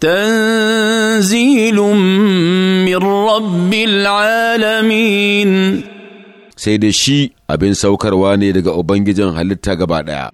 تنزيل من رب العالمين sai da shi abin saukarwa ne daga Ubangijin halitta gaba ɗaya.